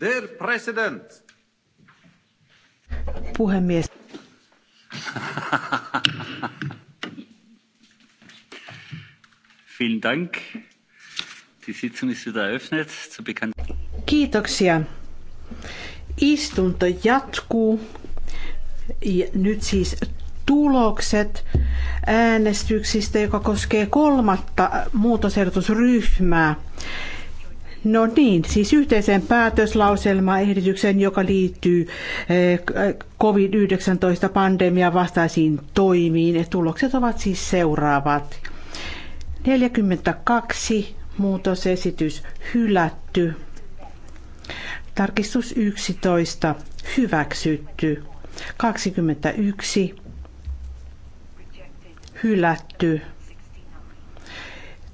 Der president. Puhemies. Vielen Dank. Die Sitzung ist wieder eröffnet. Bekannt Kiitoksia. Istunto jatkuu. Ja nyt siis tulokset äänestyksistä, joka koskee kolmatta muutosehdotusryhmää. No niin, siis yhteisen päätöslauselmaehdotuksen, joka liittyy eh, eh, COVID-19-pandemian vastaisiin toimiin. Tulokset ovat siis seuraavat. 42 muutosesitys hylätty. Tarkistus 11 hyväksytty. 21 hylätty.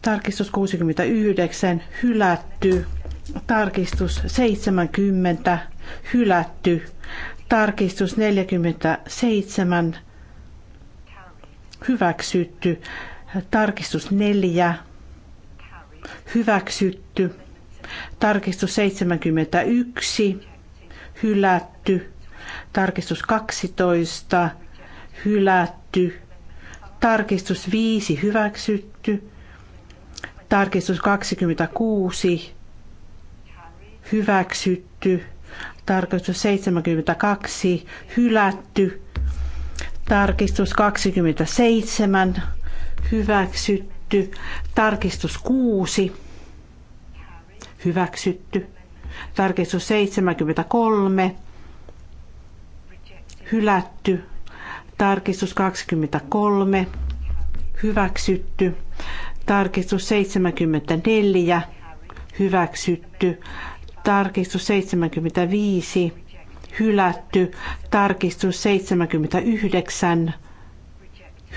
Tarkistus 69 hylätty. Tarkistus 70 hylätty. Tarkistus 47 hyväksytty. Tarkistus 4 hyväksytty. Tarkistus 71 hylätty. Tarkistus 12 hylätty. Tarkistus 5 hyväksytty Tarkistus 26 hyväksytty. Tarkistus 72 hylätty. Tarkistus 27 hyväksytty. Tarkistus 6 hyväksytty. Tarkistus 73 hylätty. Tarkistus 23 hyväksytty. Tarkistus 74 hyväksytty. Tarkistus 75 hylätty. Tarkistus 79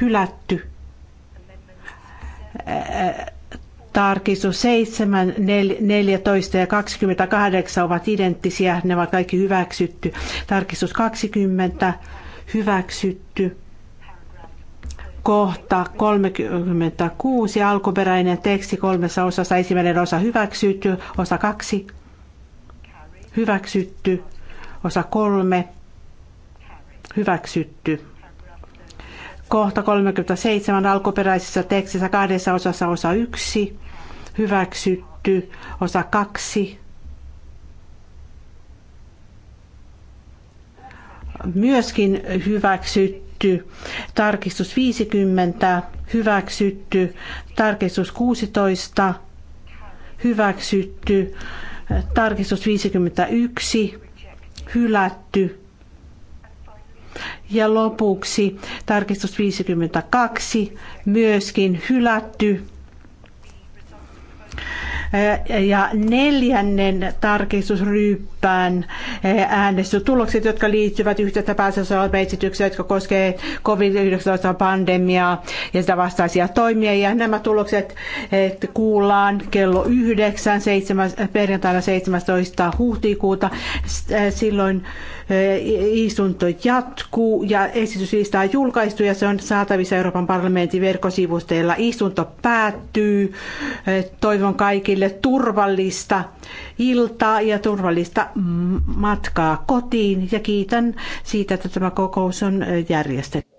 hylätty. Tarkistus 7, 14 ja 28 ovat identtisiä, ne ovat kaikki hyväksytty. Tarkistus 20 hyväksytty kohta 36, alkuperäinen teksti kolmessa osassa, ensimmäinen osa hyväksytty, osa kaksi hyväksytty, osa kolme hyväksytty. Kohta 37 alkuperäisessä tekstissä kahdessa osassa osa yksi hyväksytty, osa kaksi myöskin hyväksytty hyväksytty, tarkistus 50 hyväksytty, tarkistus 16 hyväksytty, tarkistus 51 hylätty ja lopuksi tarkistus 52 myöskin hylätty ja neljännen tarkistusryyppään äänestystulokset, jotka liittyvät yhteyttä päästössä olevan esityksiä, jotka koskevat COVID-19-pandemiaa ja sitä vastaisia toimia. Ja nämä tulokset kuullaan kello 9 7, perjantaina 17. huhtikuuta. Silloin istunto jatkuu ja esityslista on julkaistu ja se on saatavissa Euroopan parlamentin verkkosivusteilla. Istunto päättyy. Toivon kaikille kaikille turvallista iltaa ja turvallista matkaa kotiin ja kiitän siitä, että tämä kokous on äh, järjestetty.